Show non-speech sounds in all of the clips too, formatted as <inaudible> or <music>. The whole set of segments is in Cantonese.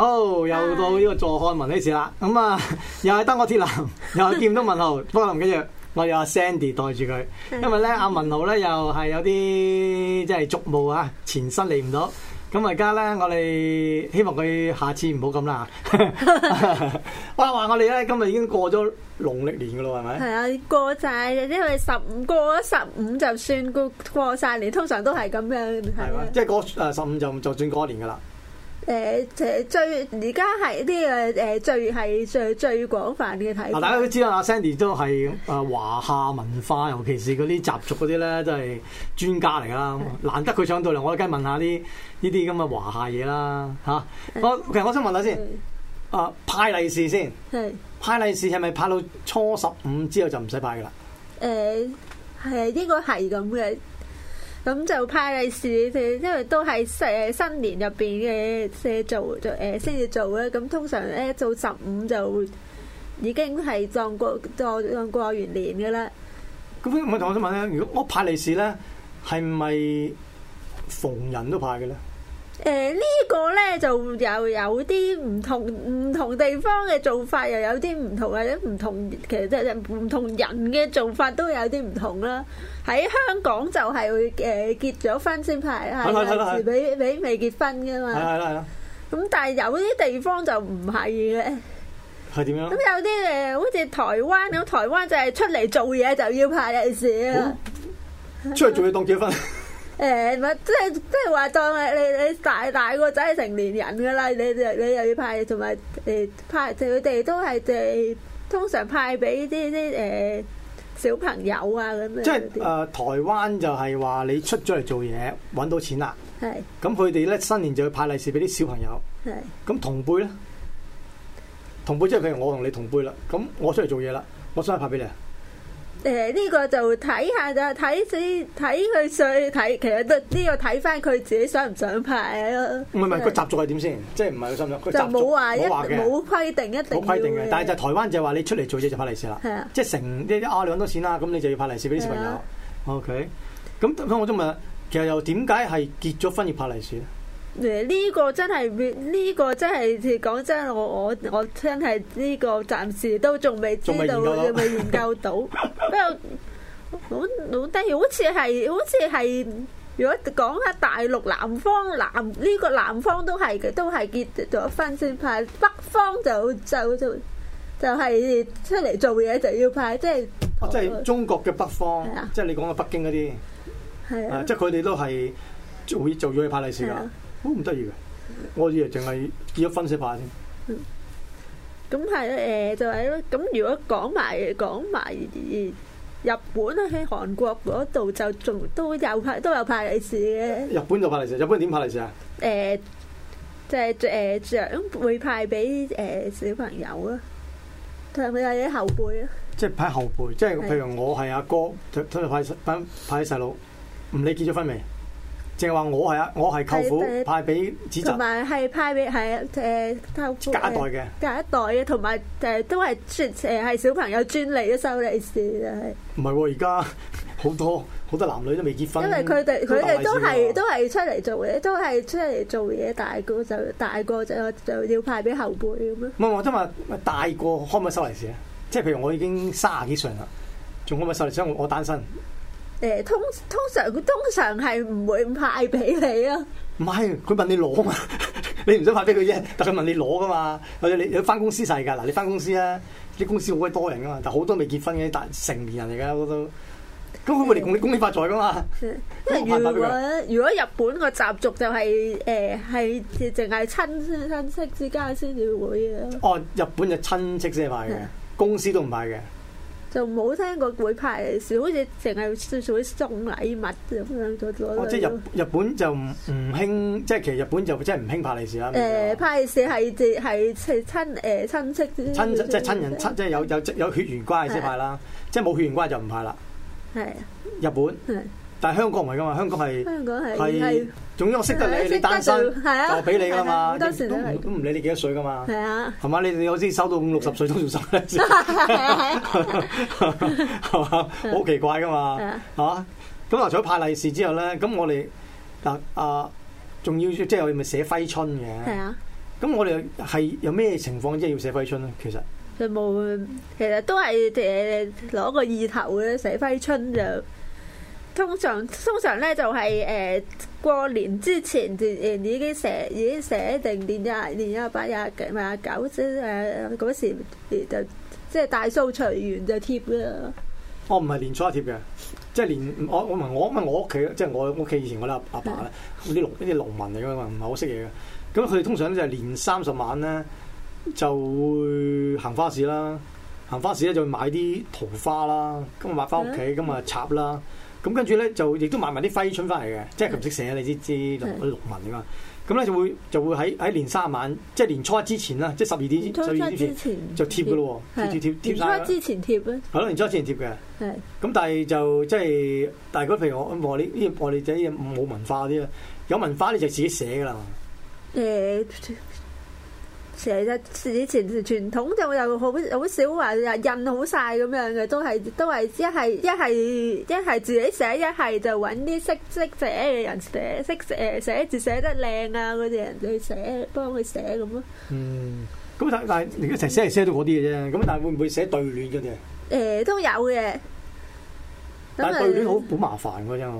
好，oh, 又到呢個坐看雲起時啦，咁、嗯、啊，又係得我鐵男，又係見唔到文豪，不過唔緊要，我有阿 Sandy 代住佢，因為咧阿文豪咧又係有啲即係俗務啊，前身嚟唔到，咁而家咧我哋希望佢下次唔好咁啦。 <laughs> 我話我哋咧今日已經過咗農曆年噶咯，係咪？係啊，過曬，因為十五過咗十五就算過過曬年，通常都係咁樣。係即係過十五就就算過年噶啦。誒誒、呃、最而家係呢個誒、呃、最係最最，最廣泛嘅睇法。大家都知道阿 Sandy 都係誒華夏文化，尤其是嗰啲習俗嗰啲咧，都係專家嚟噶啦。是的 難得佢上到嚟，我梗係問下啲呢啲咁嘅華夏嘢啦嚇。我其實我先問下先，啊是的 okay, 派利是先，是的 派利是係咪派到初十五之後就唔使派噶啦？誒係應該係咁嘅。咁就派利是，佢因為都係誒新年入邊嘅嘢做，做誒先至做啦。咁通常咧做十五就已經係撞過撞撞過完年噶啦。咁唔係同我想問咧，如果我派利是咧，係咪逢人都派嘅咧？誒、欸，這個、呢個咧就又有啲唔同唔同地方嘅做法，又有啲唔同或者唔同，其實即係唔同人嘅做法都有啲唔同啦。喺香港就係會誒結咗婚先派啦，有時俾俾未結婚㗎嘛。係係啦。咁但係有啲地方就唔係嘅。係點樣？咁有啲誒，好似台灣咁，台灣就係出嚟做嘢就要派利是，啊、哦。出嚟做嘢當結婚？ <laughs> 誒，唔、欸、即係即係話當你你你大你大個仔係成年人噶啦，你又你又要派，同埋誒派佢哋都係誒，通常派俾啲啲誒小朋友啊咁。即係誒、呃、台灣就係話你出咗嚟做嘢揾到錢啦，係是。咁佢哋咧新年就要派利是俾啲小朋友，係是。咁同輩咧，同輩即係譬如我同你同輩啦，咁我出嚟做嘢啦，我想去派俾你。誒，呢、呃這個就睇下就睇先睇佢想睇，其實都呢個睇翻佢自己想唔想派咯、啊。唔係唔係，個習的俗係點先？即係唔係佢心入。就冇話一冇規定一定。冇規定嘅，但係就台灣就話你出嚟做嘢就派利是啦的。係啊。即係成呢啲啊，你搵多錢啦，咁你就要派利是俾啲小朋友。的 OK。咁，我想問，其實又點解係結咗婚要派利是咧？誒呢個真係呢個真係講真，我我我真係呢個暫時都仲未知道，仲未研究到。不過好好得意，好似係好似係，如果講下大陸南方南呢個南方都係都係結咗婚先派，北方就就就就係出嚟做嘢就要派，即係即係中國嘅北方，即係你講嘅北京嗰啲，誒即係佢哋都係會做咗去派利是㗎。好唔得意嘅，我以為淨係結咗婚先派先。嗯，咁係咯，就係、是、咯。咁如果講埋講埋日本喺、啊、韓國嗰度就仲都有派都有派利是嘅。日本、啊呃、就派利是，日本點派利是啊？誒，就係誒長輩會派俾誒、呃、小朋友啊，咯，係咪派啲後輩啊？即係派後輩，即係譬如我係阿哥，哥，佢咁就派派啲細路，唔理結咗婚未？淨係話我係啊，我係舅父派俾子侄，同埋係派俾係誒舅父隔一代嘅，隔一代嘅，同埋誒都係誒係小朋友專利嘅收利是。啊、哦！唔係喎，而家好多好多男女都未結婚，因為佢哋佢哋都係都係出嚟做嘢，都係出嚟做嘢，大個就大個就就要派俾後輩咁咯。唔係我即係話大個可唔可以收利是？啊？即係譬如我已經卅幾歲啦，仲可唔可以收利是？因為我我單身。誒，通常通常佢通常係唔會派俾你啊。唔係，佢問你攞嘛， <laughs> 嘛，你唔使派俾佢啫。但佢問你攞噶嘛，或者你你翻公司晒噶嗱，你翻公司啊，啲公司好鬼多人噶嘛，但好多未結婚嘅，但成年人嚟噶我都。咁佢嚟共你恭喜發財噶嘛？即係為如果如果日本個習俗就係誒係淨係親親戚之間先至會啊。哦，日本就親戚先派嘅，的公司都唔派嘅。就冇聽過會派利是，好似淨係做啲送禮物咁樣。哦，即係日日本就唔興，即係其實日本就即係唔興派利是啦。誒，派利是係係係親誒、呃、親戚。親即係親人，親即係有有有血緣關係先派啦，係，即係冇血緣關係就唔派啦。係啊。日本。嗯。但係香港唔係㗎嘛，香港係係，總之我識得你，你單身我俾你㗎嘛，都都唔理你幾多歲㗎嘛，係啊，係嘛？你你有時收到五六十歲都做新娘，係嘛？好奇怪㗎嘛，係嘛？咁啊，除咗派利是之後咧，咁我哋嗱啊，仲要即係咪寫揮春嘅？係啊。咁我哋係有咩情況即係要寫揮春咧？其實，冇，其實都係攞個意頭咧，寫揮春就。通常通常咧就係誒過年之前就已經寫已經寫定年廿年廿八廿五廿九即係誒嗰時就即係大掃除完就貼噶啦。哦，唔係年初一貼嘅，即係年我我唔係我咁啊！我屋企即係我屋企、就是、以前我阿阿爸咧，啲農啲農民嚟噶嘛，唔係好識嘢嘅。咁佢哋通常就係年三十晚咧就會行花市啦，行花市咧就買啲桃花啦，咁啊買翻屋企，咁啊、嗯、插啦。咁跟住咧就亦都買埋啲揮春翻嚟嘅，即係佢唔識寫是你知知，讀啲六文啊嘛。咁咧就會就會喺喺年卅晚，即係年初一之前啦，即、就、係、是、初十二點之前就貼嘅咯喎，貼住貼貼曬啦是。年初一之前貼啦。係咯的，年初一之前貼嘅。係。咁但係就即係，但係嗰啲譬如我我哋呢我哋仔嘢冇文化啲啊，有文化你就自己寫㗎啦。誒、嗯。寫啫，以前傳統就又好好少話，印好晒咁樣嘅，都係都係一係一係一係自己寫，一係就揾啲識識寫嘅人寫，識誒寫字寫得靚啊嗰啲人去寫，幫佢寫咁咯。嗯，咁但但係而家成寫係寫到嗰啲嘢啫，咁但係會唔會寫對聯嗰啲誒，都有嘅，但係對聯好好、就係、麻煩嘅真係。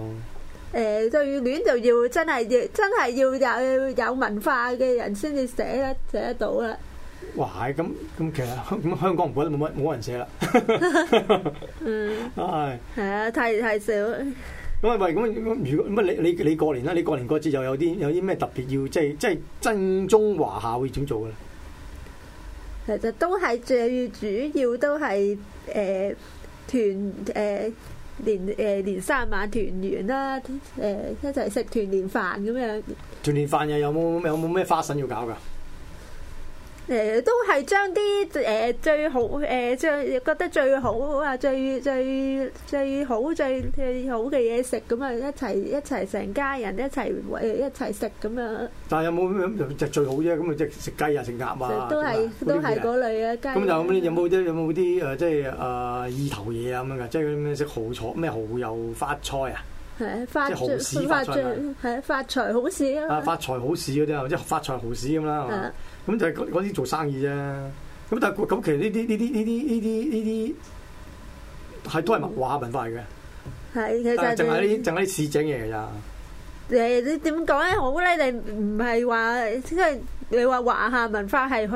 誒對聯就要真係要真係要有有文化嘅人先至寫得寫得到啦。哇，係咁咁，其實香香港唔覺得冇乜冇人寫啦。 <laughs> <laughs> 嗯，係係、哎、啊，太太少。咁啊喂，咁如果乜你你你過年啦？你過年過節又有啲有啲咩特別要即係即係正宗華夏會點做嘅咧？其實都係最主要都係誒、呃、團誒。呃年誒年卅晚團圓啦，誒、呃、一齊食團年飯咁樣。團年飯又有冇有冇咩花臣要搞㗎？誒都係將啲誒最好誒最覺得最好啊最最最好最最好嘅嘢食咁啊一齊一齊，一齊成家人一齊誒一齊食咁樣。但係有冇咁就最好啫？咁啊，即係食雞啊，食鴨啊。都係是樣都係嗰類啊。咁雞就咁有冇啲有冇啲誒即係誒意頭嘢啊？咁樣噶，即係咩食蠔菜咩蠔油發菜啊？係啊！發即係發財好事啊！發菜啊！發財好事嗰啲啊，即係發財好事咁啦。啊咁就係嗰啲做生意啫，咁但係咁其實呢啲呢啲呢啲呢啲呢啲係都係文化文化嚟嘅，係的其實仲係啲淨係啲市井嘢咋？誒，你點講咧？我覺得你唔係話即係你話華夏文化係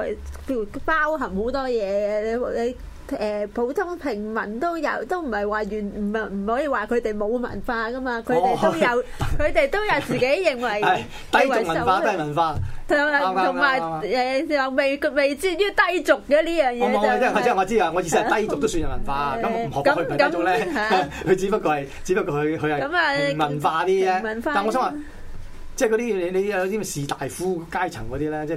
佢包含好多嘢嘅，你你。誒，普通平民都有，都唔係話完，唔係唔可以話佢哋冇文化㗎嘛，佢哋都有，佢哋都有自己認為低俗文化，都係文化，同埋同又未未至於低俗嘅呢樣嘢。我係我知啊，我意思係低俗都算係文化，咁唔學佢唔低做咧，佢只不過係只不過佢佢係文化啲啫。但我想話。即係嗰啲你你有啲士大夫階層嗰啲咧，即係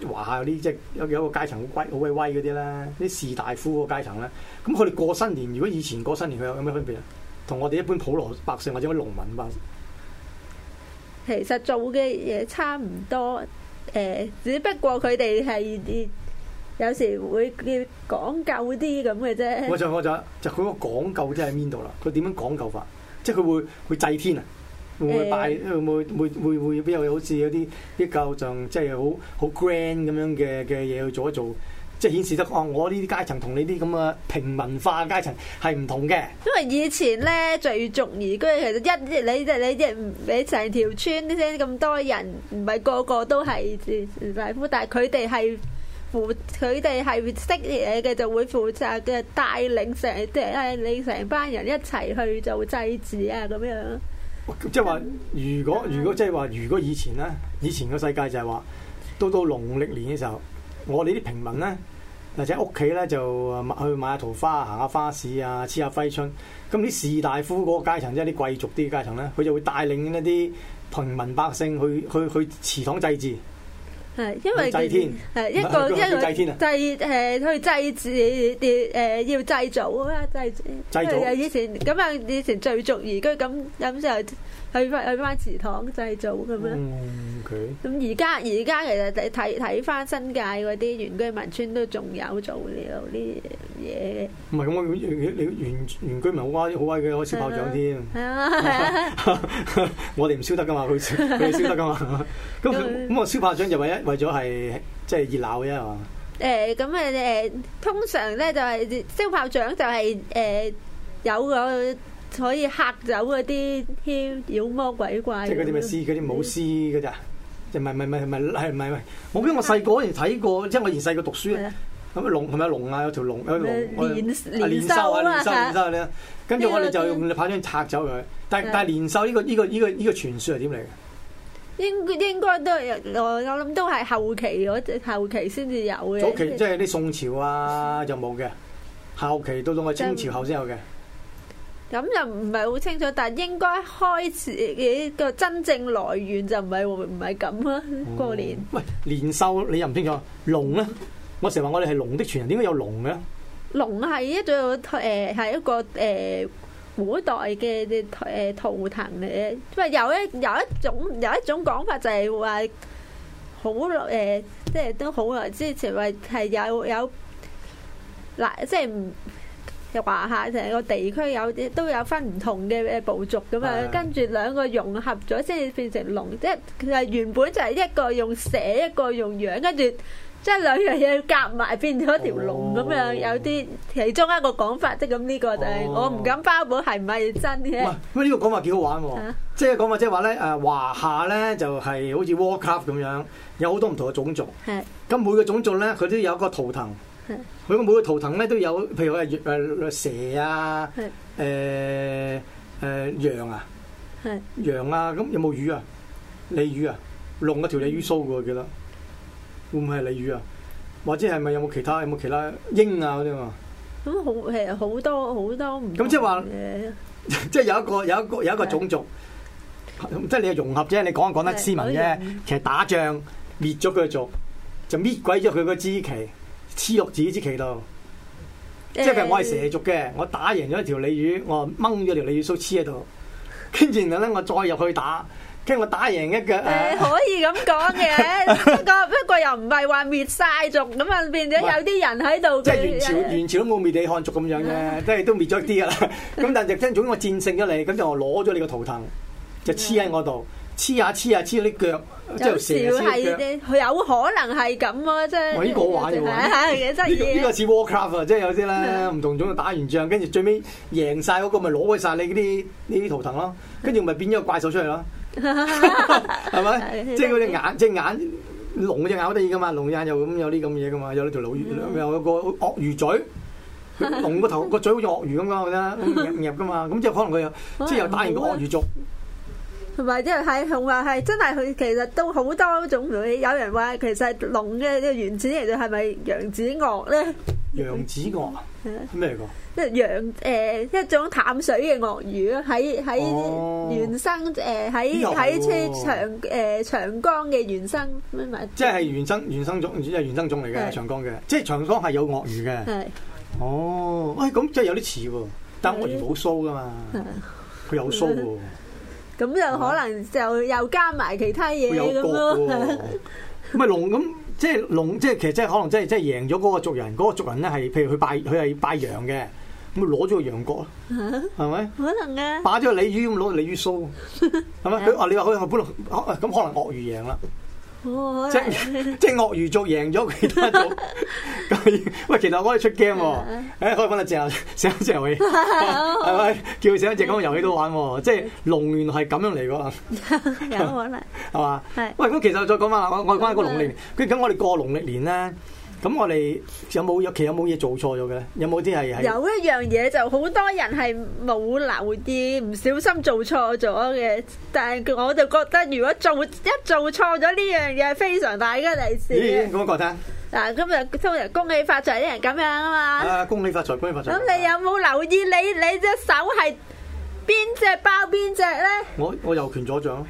你華夏嗰啲即係有，有個階層好威好鬼威嗰啲咧，啲士大夫嗰個階層咧，咁佢哋過新年，如果以前過新年佢有有咩分別啊？同我哋一般普羅百姓或者啲農民嘛？其實做嘅嘢差唔多，誒、呃，只不過佢哋係有時會要講究啲咁嘅啫。冇錯，冇錯，就佢個講究即係喺邊度啦？佢點樣講究法？即係佢會會祭天啊？會唔會會會會會，邊有好似有啲啲教像，即係好好 grand 咁樣嘅嘅嘢去做一做，即係顯示得啊、哦！我呢啲階層同你啲咁嘅平民化階層係唔同嘅。因為以前咧，聚族而居，其實一你你你，俾成條村啲咁多人，唔係個個都係士大夫，但係佢哋係負佢哋係識嘢嘅，就會負責嘅，帶領成你成班人一齊去做祭祀啊咁樣。即係話，如果如果即係話，如果以前咧，以前個世界就係話，到到農曆年嘅時候，我哋啲平民咧，或者屋企咧就去買下桃花，行下花市啊，黐下揮春。咁啲士大夫嗰個階層，即係啲貴族啲階層咧，佢就會帶領一啲平民百姓去去去祠堂祭祀。係，因為係天一個 <laughs> 一個祭誒去祭祀誒要祭祖啊，祭祖、呃。祭祖、呃、造以前咁啊，以前聚族而居咁咁就。去翻去翻祠堂祭祖咁樣，咁而家而家其實睇睇睇翻新界嗰啲原居民村都仲有做呢啲嘢。唔係咁啊，原原原原原居民好威好威嘅，可以燒炮仗添。係啊，我哋唔燒得㗎嘛，佢佢燒得㗎嘛。咁咁我燒炮仗就為一為咗係即係熱鬧啫係嘛？誒咁誒誒，通常咧就係燒炮仗就係誒有個。可以吓走嗰啲妖魔鬼怪，即係嗰啲咪師，嗰啲冇師嗰咋，即係唔係唔係唔係唔係係唔係唔係。我記得我細個嗰時睇過，即係我以前細個讀書。咁龍係咪龍啊？有條龍有龍。年年獸啊，年獸年獸咧。跟住我哋就用炮仗嚇走佢。但係但係年獸呢個呢個呢個呢個傳說係點嚟嘅？應應該都我我諗都係後期嗰隻後期先至有嘅。早期即係啲宋朝啊就冇嘅，後期到到我清朝後先有嘅。咁又唔係好清楚，但係應該開始嘅真正來源就唔係唔係咁啦。過年，喂，年獸你又唔清楚，龍咧，我成日話我哋係龍的傳人，點解有龍嘅？龍係一種誒，係一個誒古代嘅啲誒圖騰嚟嘅，咁啊有一有一種有一種講法就係話好誒，即係都好耐之前，話係有有嗱，即係唔。華夏成個地區有啲都有分唔同嘅部族咁樣，跟住兩個融合咗先至變成龍，即係原本就係一個用蛇，一個用羊，跟住即係兩樣嘢夾埋變咗條龍咁、哦、樣，有啲其中一個講法即係咁呢個就係、是哦、我唔敢包保係唔係真嘅。唔呢、嗯這個講法幾好玩喎，啊、即係講話即係話咧誒華夏咧就係、是、好似 Warcraft 咁樣，有好多唔同嘅種族，咁是每個種族咧佢都有一個圖騰。佢每個圖騰咧都有，譬如話，誒，蛇啊，誒是，誒、呃呃，羊啊，是羊啊，咁有冇魚啊？鯉魚啊，龍有條鯉魚須嘅，我記得，會唔會係鯉魚啊？或者係咪有冇其他？有冇其他鷹啊嗰啲啊？咁好誒，好多好多唔同嘅，即係、就是、有一個有一個有一個，是有一個種族，即係你係融合啫，你講就講得斯文啫。其實打仗滅咗佢族，就搣鬼咗佢個支旗。黐肉子之其道，即係譬如我係蛇族嘅，我打贏咗一條鯉魚，我掹咗條鯉魚鬚黐喺度，跟住然後咧我再入去打，跟住我打贏一腳。誒、欸，可以咁講嘅，不過 <laughs> 不過又唔係話滅晒族咁啊，變咗有啲人喺度。即係元, <laughs> 元朝，元朝都冇滅地漢族咁樣嘅，即係 <laughs> 都滅咗啲噶啦。咁但係最終我戰勝咗你，咁就攞咗你個圖騰，就黐喺我度。嗯黐下黐下黐到啲腳，即係蛇黐腳。佢有可能係咁啊，即係。我依個玩嘅玩。呢呢個似 Warcraft 啊，即 <laughs> 係有啲啦，唔同種打完仗，跟住最尾贏晒嗰、嗰個咪攞佢晒你啲呢啲圖騰咯，跟住咪變咗個怪獸出嚟咯。係 <laughs> 咪吧？即係嗰隻眼，隻、即係、眼龍隻眼好得意噶嘛，龍隻眼又咁有啲咁嘢噶嘛，有呢條鱷魚，有個鱷魚嘴，龍個頭個 <laughs> 嘴好似鱷魚咁噶，唔入噶嘛。咁即係可能佢又即係又打完個鱷魚族。嗯同埋即係係同埋係真係佢其實都好多種類。有人話其實龍嘅原始嚟嘅係咪揚子鱷，咧？揚子鱷咩嚟嘅？即係揚誒一種淡水嘅鱷魚咯，喺喺原生誒喺喺啲長誒、呃、長江嘅原生，即係原生原生種，原生種嚟嘅長江嘅，即係長江係有鱷魚嘅。係是哦，喂、哎，咁即係有啲似喎，但係鱷魚冇須噶嘛，佢有須喎。 <laughs> 咁就可能就又加埋其他嘢咁咯。咁咪龍咁即係龍，即係其實即係可能即係即係贏咗嗰個族人，嗰、嗰個族人咧係譬如佢拜佢係拜羊嘅，咁攞咗個羊角，係咪、啊？吧可能嘅，霸咗個鯉魚咁攞個鯉魚鬚，係咪？佢哦，你話佢本嚟咁可能鱷魚贏啦。 <music> 即即鱷魚族贏咗佢都得，咁 <laughs> <laughs> 喂，其實我哋出 game 喎，誒、 <laughs> 哎，可以講下隻遊戲，寫隻遊戲可以，係咪？ <laughs> 叫佢寫一隻咁嘅遊戲都玩喎，哦，即係龍年係咁樣嚟噶。 <laughs> 有冇咧？係嘛？係，喂，咁其實再講下啦，我 <laughs> 我翻喺個農曆，跟住咁我哋過農曆年咧。咁我哋有冇有其有冇嘢做錯咗嘅？有冇啲係係？有一樣嘢就好多人係冇留意，唔小心做錯咗嘅。但係我就覺得，如果做一做錯咗呢樣嘢，非常大嘅利是。咦？咁我覺得嗱，今日通常恭喜發財啲人咁樣啊嘛。啊！恭喜發財，恭喜發財。咁你有冇留意你你隻手係邊隻包邊隻咧？我我右拳，左掌。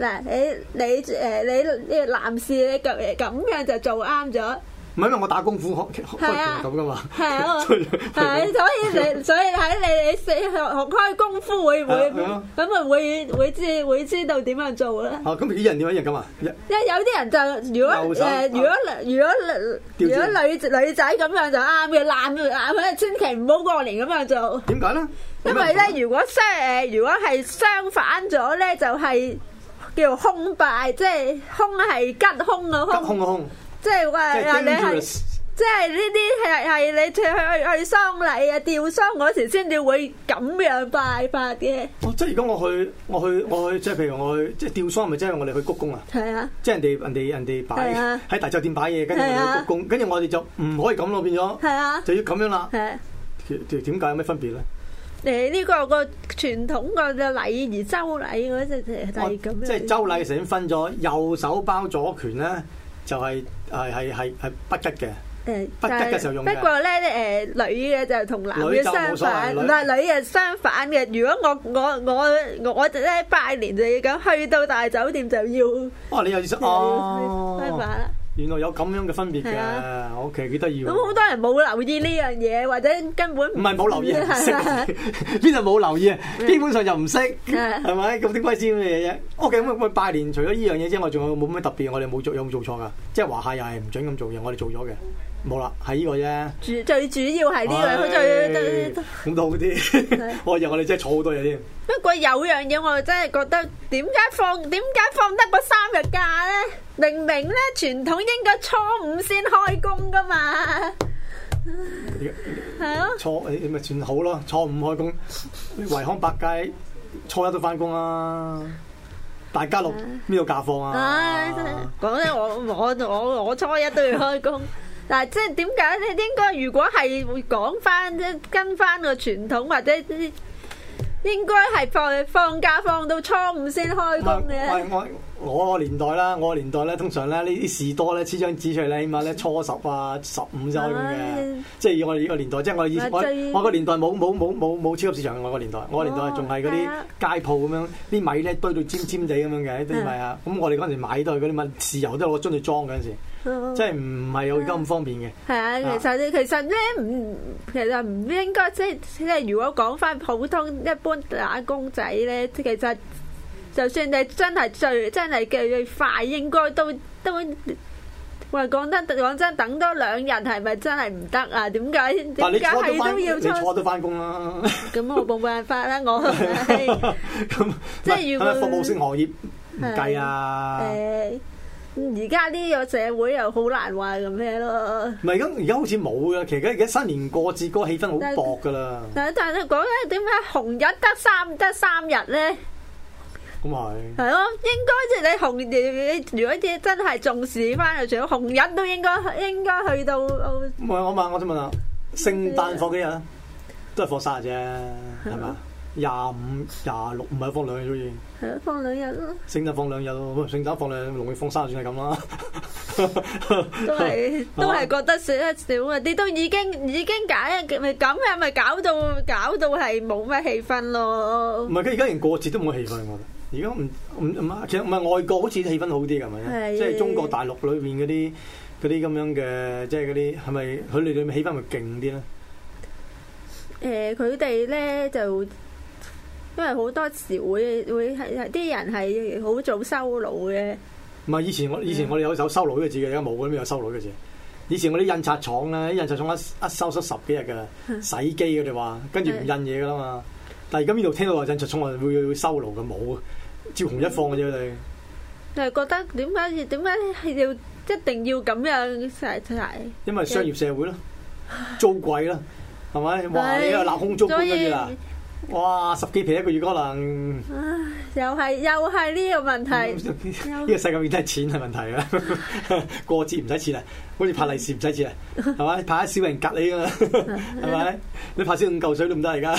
嗱，你你誒你男士你咁樣就做啱咗。唔係因為我打功夫學學開咁噶嘛，係啊，係所以你所以喺你你學學開功夫會唔會咁？咁咪會會知會知道點樣做咧？哦，咁啲人點樣樣咁啊？因為有啲人就如果誒，如果如果如果女女仔咁樣就啱嘅，難難咧，千祈唔好過年咁樣做。點解咧？因為咧，如果相誒，如果係相反咗咧，就係叫兇拜，即係兇係吉兇啊！兇。即係話，話你係，即係呢啲係係你去去去喪禮啊、吊喪嗰時先至會咁樣拜法嘅。哦，即係如果我去，我去，我去，即係譬如我去，即係吊喪，係咪即係我哋去鞠躬啊？係啊。即係人哋人哋人哋擺喺大酒店擺嘢，跟住去鞠躬，跟住我哋就唔可以咁咯，變咗就要咁樣啦。係點解有咩分別咧？誒，呢個個傳統嘅禮儀周禮嗰隻就係咁樣。即係周禮成分咗右手包左拳咧。就係係係係不吉嘅、嗯，不吉嘅、呃、時候用，不過咧，誒女嘅就同男嘅相反，唔係女嘅相反嘅。如果我我我我真係拜年就要咁，去到大酒店就要。啊、就要哦，你又識哦，相反。原來有咁樣嘅分別嘅，我屋企幾得意喎！咁好、okay，多人冇留意呢樣嘢， <laughs> 或者根本唔係冇留意，邊度冇留意啊？ <laughs> 基本上就唔識，係咪吧？咁點鬼知咁嘅嘢啫？屋企咁去拜年，除咗呢樣嘢之外，仲有冇咩特別？我哋冇做，有冇做錯㗎？即係華夏又係唔准咁做，嘢，我哋做咗嘅，冇啦，係呢個啫。主最主要係呢、呢個，最最。咁都好啲，我以為我哋真係坐好多嘢添。不過有樣嘢我真係覺得，點解放，點解放得個三日假咧？明明咧，傳統應該初五先開工噶嘛？吓？初你咪算好咯，初五開工，維康百佳初一都翻工啊。大家樂邊度假放啊？講真，我我我我初一都要開工。嗱，但即係點解咧？應該如果係會講翻，即跟翻個傳統，或者應該係放放假放到初五先開工嘅不。 <laughs> 我個年代啦，我個年代咧，通常咧呢啲士多咧，黐張紙出嚟，起碼咧初十啊、十五周咁嘅。啊、即係我哋呢個年代，啊、即係我以我個年代冇冇冇冇冇超級市場。我個年代，我個年代仲係嗰啲街鋪咁樣，啲米咧堆到尖尖地咁樣嘅啲米啊。咁我哋嗰陣時買都係嗰啲乜豉油都攞樽嚟裝嗰陣時，即係唔係有而家咁方便嘅。係的啊，其實其實咧，唔其實唔應該即係，如果講翻普通一般打工仔咧，其實。就算你真係最真係嘅最快，應該都都話講真講真，等多兩日係咪真係唔得啊？點解點解係都要坐，坐都返工啦？咁我冇辦法啦， <laughs> 我咁 <laughs> 即係如果服務性行業唔是計啊？誒、呃，而家呢個社會又好難話咩咯？唔係咁，而家好似冇嘅。其實而家新年過節嗰個氣氛好薄噶啦。但係你講緊點解紅日得三得三日咧？咁係，係咯，應該即係你紅，你如果真係重視翻，除咗紅人，都應該應該去到。唔係，我問我想問啊，聖誕放幾日啊？都係放三日啫，係嘛？廿五、廿六唔係放兩日先？係啊，放兩日咯。聖誕放兩日咯，聖誕放兩日，龍年放三日算係咁啦。都係都係覺得少一少啊！你都已經已經搞啊，咪咁啊咪搞到搞到係冇乜氣氛咯。唔係，佢而家連過節都冇氣氛，我覺得。而家唔唔唔啊，其實唔係外國好似氣氛好啲㗎，係的即係中國大陸裏邊嗰啲啲咁樣嘅，即係嗰啲係咪佢裏邊氣氛咪勁啲咧？誒、呃，佢哋咧就因為好多時會會係啲人係好早收爐嘅。唔係以前我以前我哋有首收爐嘅字嘅，而家冇咁有收爐嘅字。以前我啲印刷廠咧，印刷廠一一收縮十幾日㗎，洗機佢哋話，跟住唔印嘢㗎啦嘛。的但係而家呢度聽到話印刷廠啊會會收爐嘅冇照紅一放嘅啫、嗯，你，就係覺得點解點解要一定要咁樣曬曬？因為商業社會咯，租貴啦，係咪？ <laughs> 哇！你又鬧空租咁啦～哇！十幾皮一個月可能又係又係呢個問題。呢、嗯嗯、又個世界入邊都係錢係問題啊！過節唔使錢啊，好似派利 <laughs> 是唔使錢啊，係咪派喺少人隔籬啊？係咪 <laughs> 你派少五嚿水都唔得而家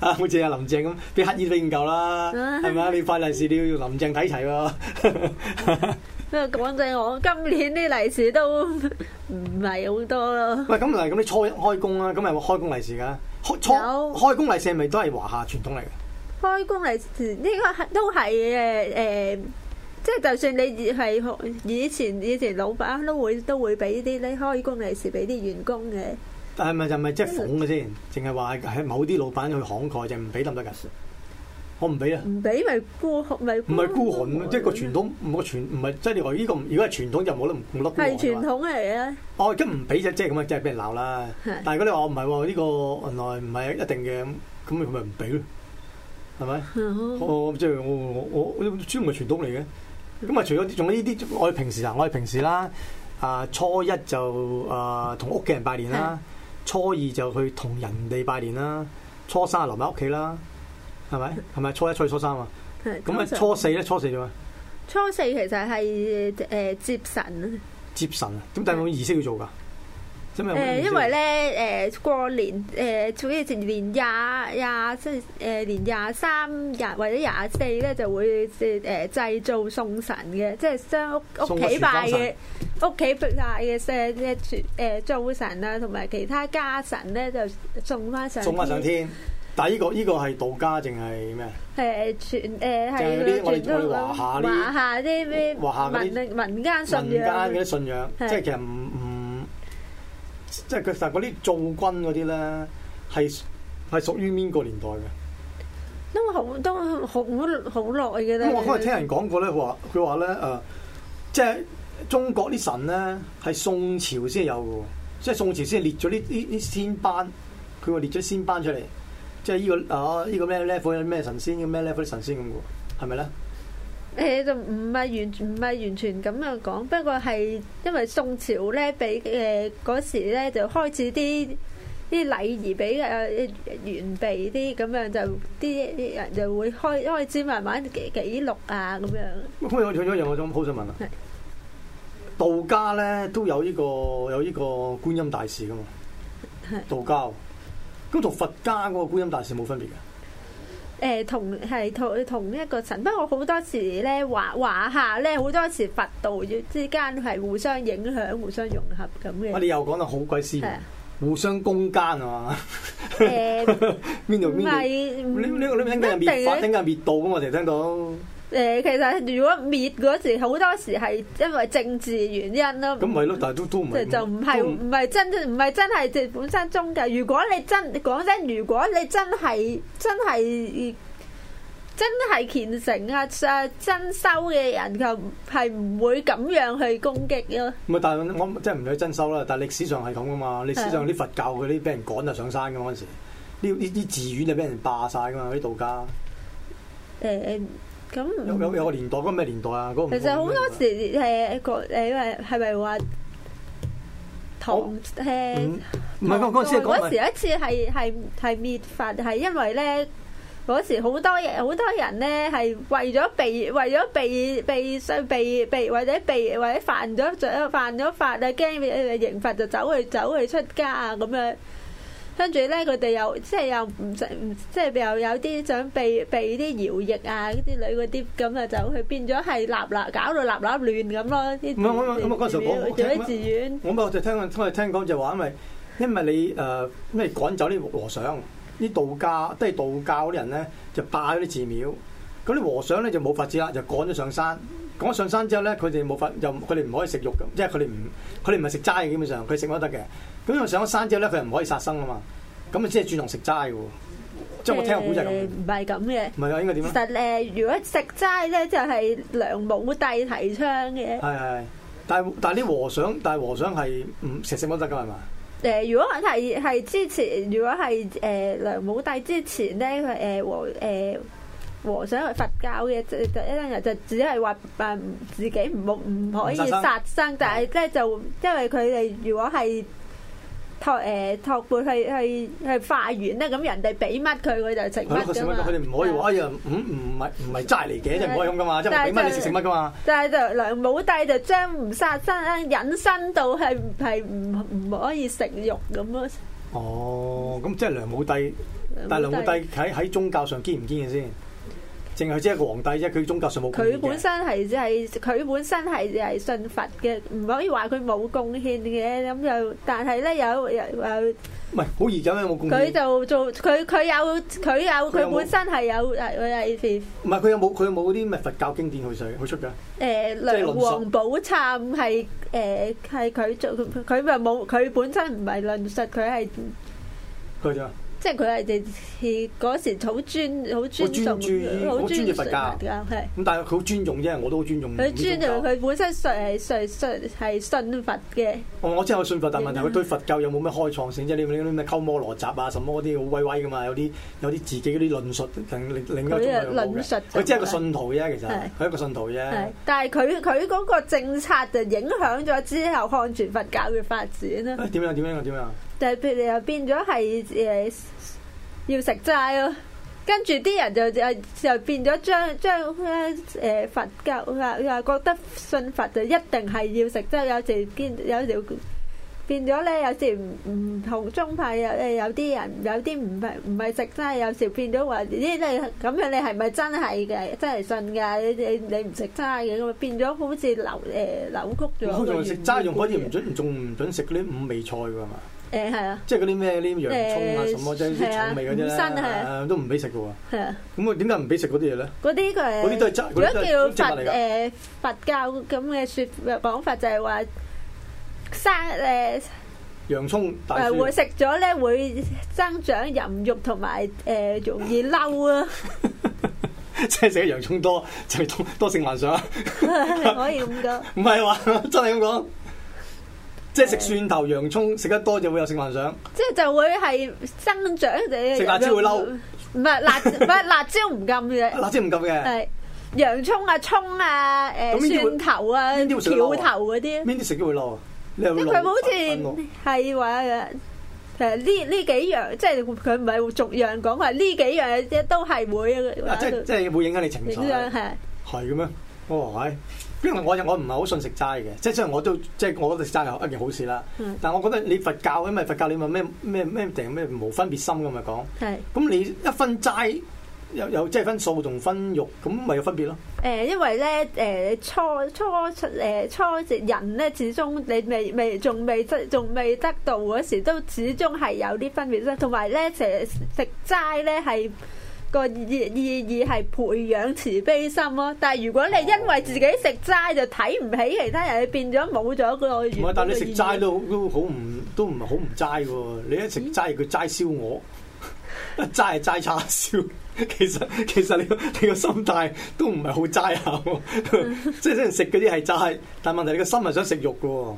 啊？好似阿林鄭咁，俾乞兒都唔夠啦，係咪你派利是你要林鄭睇齊喎。講真，我今年啲利是都唔係好多咯。喂、嗯，咁嚟咁你初一開工啦，咁有冇開工利是噶？開工利是係咪都係華夏傳統嚟嘅、呃就是？開工利是呢個都係嘅，誒，即係就算你係以前以前老闆都會都會俾啲你開工利是俾啲員工嘅。誒，咪就咪即係捧嘅先，淨係話喺某啲老闆去慷慨就唔俾咁多噶。我唔俾啊！唔俾咪孤寒咪？唔係孤寒，孤寒即係個傳統，唔個傳唔係即係你話呢個，如果係傳統就冇得冇得。係傳統嚟啊，我而家唔俾即係即係咁啊，即係俾人鬧啦。係。但係嗰啲我唔係喎，呢個原來唔係一定嘅咁，咁佢咪唔俾咯，係咪的、就是？我即係我我我呢啲唔係傳統嚟嘅。咁啊，除咗仲有呢啲，我哋平時啊，我哋平時啦。啊，初一就啊同、呃、屋企人拜年啦，的初二就去同人哋拜年啦，初三留埋屋企啦。係咪？係咪？初一、初二、初三啊！咁啊通常，初四咧？初四做咩？初四其實係誒接神接神啊！咁有冇儀式要做噶？誒，因為咧誒過年誒，好似年廿廿即係誒年廿三日或者廿四咧，就會誒製造送神嘅，即係將屋企拜嘅屋企拜嘅即些誒灶神啊，同埋其他家神咧就送翻上。送翻上天。但係、呢、依個依、呢個係道家定係咩啊？係傳誒係傳説都講。華夏啲咩民民間信仰？民間嗰啲信仰，是的 即係其實唔唔，即係其實嗰啲灶君嗰啲咧，係係屬於邊個年代嘅？都都因好都好好耐嘅啦。我嗰日聽人講過咧，佢話佢話咧誒，即係中國啲神咧係宋朝先有嘅喎，即係宋朝先係列咗呢啲啲仙班，佢話列咗仙班出嚟。即係依個哦，依個咩 level 有咩神仙，咁咩 level 啲神仙咁嘅，係咪咧？誒，就唔係完唔係完全咁樣講，不過係因為宋朝咧，俾誒嗰時咧就開始啲啲禮儀俾誒完備啲，咁樣就啲人就會開開始慢慢記記錄啊咁樣。咁我講咗一樣，我想鋪上問啊。道家咧都有依個有依個觀音大士嘅嘛？係。道家。咁同佛家嗰個觀音大士冇分別嘅？誒、欸，同係同同一個神。不過我好多時咧話話下咧，好多時佛道之間係互相影響、互相融合咁嘅。我哋、啊、又講到好鬼深入，啊、互相攻堅啊、 <laughs> 欸！誒 <laughs> 裡，邊度邊度？你你你聽緊滅法，聽緊滅道咁，我成日聽到。誒，其實如果滅嗰時，好多時係因為政治原因咯。咁咪咯，但都就都唔。就唔係唔係真唔係真係即本身宗教。如果你真講真，如果你真係真係真係虔誠啊啊真修嘅人，就係、是、唔會咁樣去攻擊咯。唔係，但係我即係唔去真修啦。但係歷史上係咁噶嘛。歷史上啲佛教嗰啲俾人趕就上山噶嗰陣時，呢呢啲寺院就俾人霸晒噶嘛。啲道家。誒、呃有有有個年代，咁咩年代啊？嗰其實好多時係個你話係咪話唐？誒唔係，嗰嗰時一次講，嗰時一次係係係滅佛，係因為咧，嗰時好多好多人咧係為咗避為咗避避稅避避或者避或者犯咗罪犯咗法啊，驚被刑罰就走去走去出家啊咁樣。跟住咧，佢哋又即係又唔想，唔即係又有啲想避避啲徭役啊，啲女嗰啲咁啊，就去變咗係立立搞到立立亂咁咯。唔係唔咁啊嗰陣時講，我、okay，聽寺院。我咪就聽，我聽講就話，因為因為你誒、呃，因為趕走啲和尚，啲道家即係道教啲人咧，就霸咗啲寺廟。咁啲和尚咧就冇法子啦，就趕咗上山。趕咗上山之後咧，佢哋冇法，又佢哋唔可以食肉咁，即係佢哋唔，佢哋唔係食齋嘅，基本上佢食乜都得嘅。咁佢上咗山之後咧，佢又唔可以殺生啊嘛，咁咪只係專重食齋嘅。即係我聽個故事係咁。唔係咁嘅。唔係啊，應該點樣啊？其實誒，如果食齋咧，就係梁武帝提倡嘅。係係，但係但係啲和尚，但係和尚係唔食食都得㗎係嘛？誒，如果係係之前，如果係誒梁武帝之前咧，佢誒和誒和尚係佛教嘅，就就一單嘢就只係話誒自己唔冇唔可以殺生，但係即係就因為佢哋如果係。托誒託缽係係係化緣咧，咁人哋俾乜佢，佢就食乜噶嘛。佢哋唔可以話哎呀，唔唔唔係唔係齋嚟嘅，就唔可以咁噶嘛，即係俾乜你食食乜噶嘛。但係就梁武帝就將唔殺生引申到係係唔唔可以食肉咁咯，啊。哦，咁即係梁武帝，但係梁武帝喺喺宗教上堅唔堅嘅先？淨係只係個皇帝啫，佢宗教上冇。佢本身係即係佢本身係係信佛嘅，唔可以話佢冇貢獻嘅。咁又，但係咧有有唔係好易咁樣冇貢獻。佢就做佢佢有佢有佢本身係有誒誒係。唔係佢有冇佢有冇啲咩佛教經典去寫去出㗎？誒梁皇寶懺係誒係佢做佢佢咪冇佢本身唔係論述，佢係佢就。即係佢係哋嗰時好尊好尊重，好尊崇佛教。係咁，但係佢好尊重啫，我都好尊重。佢尊就佢本身信信佛嘅。我我知我信佛，但係問題佢對佛教有冇咩開創性啫？你你啲咩鳩摩羅什啊，什麼嗰啲好威威㗎嘛？有啲有啲自己嗰啲論述另另論述，佢只係個信徒啫，其實佢一個信徒啫。但係佢佢嗰個政策就影響咗之後漢傳佛教嘅發展啦。點樣？點樣？點樣？就佢哋又變咗係誒要食齋咯，跟住啲人就誒就變咗將將誒佛教又又覺得信佛就一定係要食齋，有時變有時變咗咧，有時唔唔同宗派有誒有啲人有啲唔係唔係食齋，有時變咗話呢，你咁樣你係咪真係嘅真係信㗎？你你你唔食齋嘅，咁變咗好似扭誒扭曲咗。好仲食齋仲可以唔準仲唔準食嗰啲五味菜㗎嘛？誒係啊！即係嗰啲咩啲洋葱啊，什麼即係啲臭味嘅啫啦，都唔俾食嘅喎。係啊！咁啊，點解唔俾食嗰啲嘢咧？嗰啲佢嗰啲都係如果叫佛誒佛教咁嘅説講法，就係話生誒。洋葱誒會食咗咧，會增長淫慾同埋誒容易嬲啊！即係食洋葱多，就多性幻想啊！可以咁講？唔係話，真係咁講。即係食蒜頭洋蔥、洋葱食得多，就會有性幻想，即係就會係生長哋。食 <noise> 辣椒會嬲，唔係辣唔係辣椒唔禁嘅。辣椒唔禁嘅。係。洋葱啊、葱啊、誒、呃、蒜頭啊、蒜、啊、頭嗰、啊、啲。邊啲食都會嬲啊？你又嬲？佢好似係話誒，呢呢幾樣即係佢唔係逐樣講，係呢幾樣嘢都係會即。即係即係會影響你情緒。呢兩係係嘅哦，係。 <noise> <noise> <noise> 因為我我唔係好信食齋嘅，即係雖然我都即係我覺得齋係一件好事啦。但係我覺得你佛教，因為佛教你話咩咩咩定咩無分別心咁咪講，係咁是你一分齋有有即係分素同分，分肉，咁咪有分別咯？誒，因為咧誒初初誒初時人咧，始終你未未仲未，未，未，未得仲未得道嗰時，都始終係有啲分別啦。同埋咧，成日食，食齋咧係。個意意義係培養慈悲心咯，但係如果你因為自己食齋就睇唔起其他人，你變咗冇咗個。唔係，但係你食齋都都好唔都唔係好唔齋嘅。你一食齋，佢齋燒鵝，一齋係齋叉燒。其實其實你個你個心態都唔係好齋下，即係雖然食嗰啲係齋，但係問題你個心係想食肉嘅。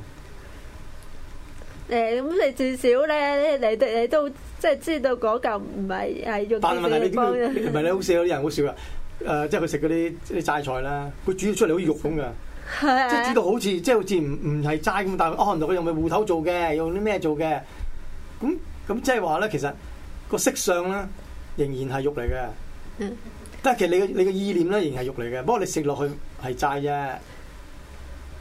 誒，咁、欸、你至少咧，你都你都即係知道嗰嚿唔係係肉的。但係問題你唔係你好少有啲人好少噶，誒，即係佢食嗰啲啲齋菜啦，佢煮出嚟好似肉咁嘅，即係煮到好似即係好似唔唔係齋咁，但係哦原來佢用嘅芋頭做嘅，用啲咩做嘅，咁咁即係話咧，其實個色相咧仍然係肉嚟嘅，嗯、但係其實你嘅你嘅意念咧仍然係肉嚟嘅，不過你食落去係齋啫。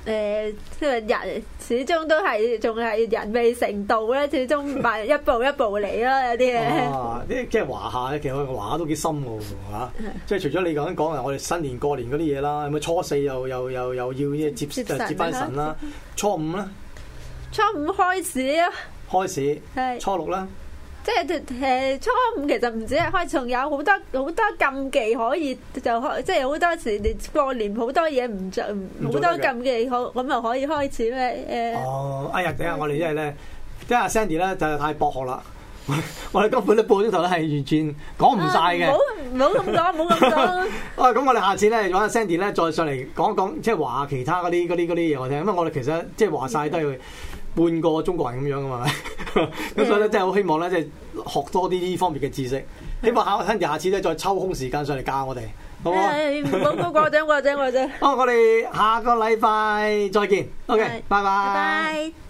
誒，即係人始終都係仲係人未成道咧，始終唔係一步一步嚟咯，有啲嘢。哇！啲即係華夏咧，其實華夏都幾深嘅喎 <laughs> 即係除咗你頭先講啊，講我哋新年過年嗰啲嘢啦，咁啊初四又又又又要接接返神啦、啊，神啊、初五啦， <laughs> 初五開始啊！開始。係是。初六啦。即係誒初五其實唔止係開，仲有好多好多禁忌可以就開，即係好多時你過年好多嘢唔著，好多禁忌好，咁又可以開始咩誒？嗯、哦，哎呀，等下我哋因為咧，因為 Sandy 咧就太博學啦， <laughs> 我哋根本都半鐘頭都係完全講唔晒嘅。好唔好咁講，唔好咁講。啊，咁、 <laughs> 嗯、我哋下次咧揾 Sandy 咧再上嚟講一講，即係話其他嗰啲嗰啲嗰啲嘢我聽，因為我哋其實即係話晒都。要。半個中國人咁樣噶嘛，咁 <laughs> 所以咧 Yeah. 真係好希望咧，即係學多啲呢方面嘅知識。Yeah. 希望下生，下次咧再抽空時間上嚟教我哋，好唔好？唔好、yeah, yeah, 高過獎過獎過獎。 <laughs> 好，我哋下個禮拜再見。Bye. OK，拜拜。